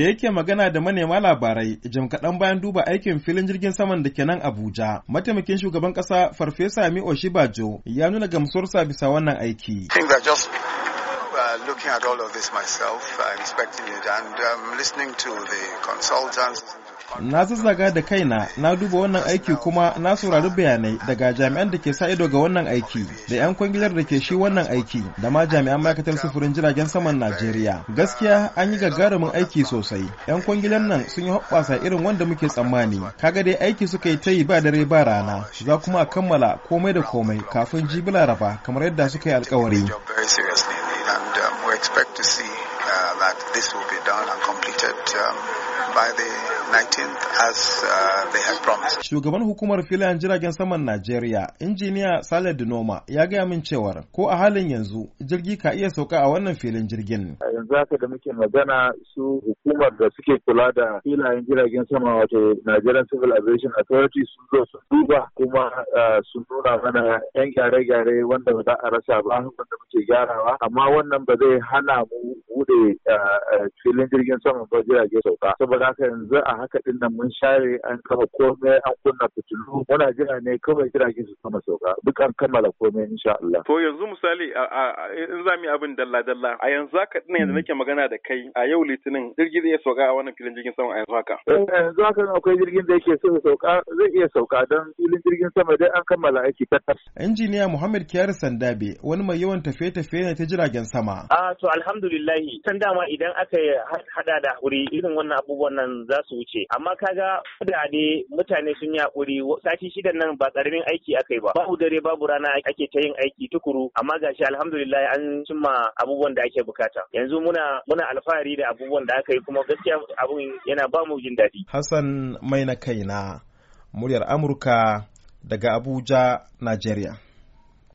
da yake magana da manema labarai jam kaɗan bayan duba aikin filin jirgin saman da ke nan Abuja. Mataimakin shugaban ƙasa Farfesa Mi Oshibajo ya nuna gamsuwarsa bisa wannan aiki. Uh, looking at all of this myself, uh, inspecting it, and um, listening to the consultants. na zazzaga da kaina na duba wannan aiki kuma na saurari bayanai daga jami'an da ke sa ido ga wannan aiki da 'yan kwangilar da ke shi wannan aiki da ma jami'an ma'aikatar sufurin jiragen saman najeriya gaskiya an yi gagarumin aiki sosai 'yan kwangilar nan sun yi hoɓɓasa irin wanda muke tsammani kaga dai aiki suka yi ta yi ba dare ba rana za kuma a kammala komai da komai kafin jibila raba kamar yadda suka yi alkawari that this will be done and completed um, by the 19th as uh, they had promised. Shugaban hukumar filayen jiragen saman Najeriya, injiniya Saleh Dinoma ya gaya min cewar ko a halin yanzu jirgi ka iya sauka a wannan filin jirgin. Yanzu haka da muke magana su hukumar da suke kula da filayen jiragen sama wato Nigerian Civil Aviation Authority sun zo sun duba kuma uh, sun nuna mana 'yan gyare-gyare wanda ba za a rasa ba wanda muke gyarawa amma wannan ba zai hana mu bude filin jirgin saman ba jirage sauka saboda haka yanzu a haka din nan mun share an kama komai an kunna fitilu muna jira ne kawai jirage su sama sauka duk an kammala komai insha Allah to yanzu misali in za mu yi abin dalla dalla a yanzu haka din yanzu nake magana da kai a yau litinin jirgi zai sauka a wannan filin jirgin sama a yanzu haka eh, yanzu haka akwai jirgin da yake so sauka zai iya sauka don filin jirgin sama dai an kammala aiki tabbas injiniya Muhammad Kiyar Sandabe wani mai yawan tafiye-tafiye ne ta jiragen sama a ah, to alhamdulillah yi san dama idan aka hada da hakuri irin wannan abubuwan nan za su wuce amma kaga kudade mutane sun yi hakuri sati shidan nan ba karamin aiki aka yi ba babu dare babu rana ake ta yin aiki tukuru amma gashi alhamdulillah an cimma abubuwan da ake bukata yanzu muna muna alfahari da abubuwan da aka yi kuma gaskiya abun yana ba mu jin daɗi Hassan mai na kaina muryar Amurka daga Abuja Nigeria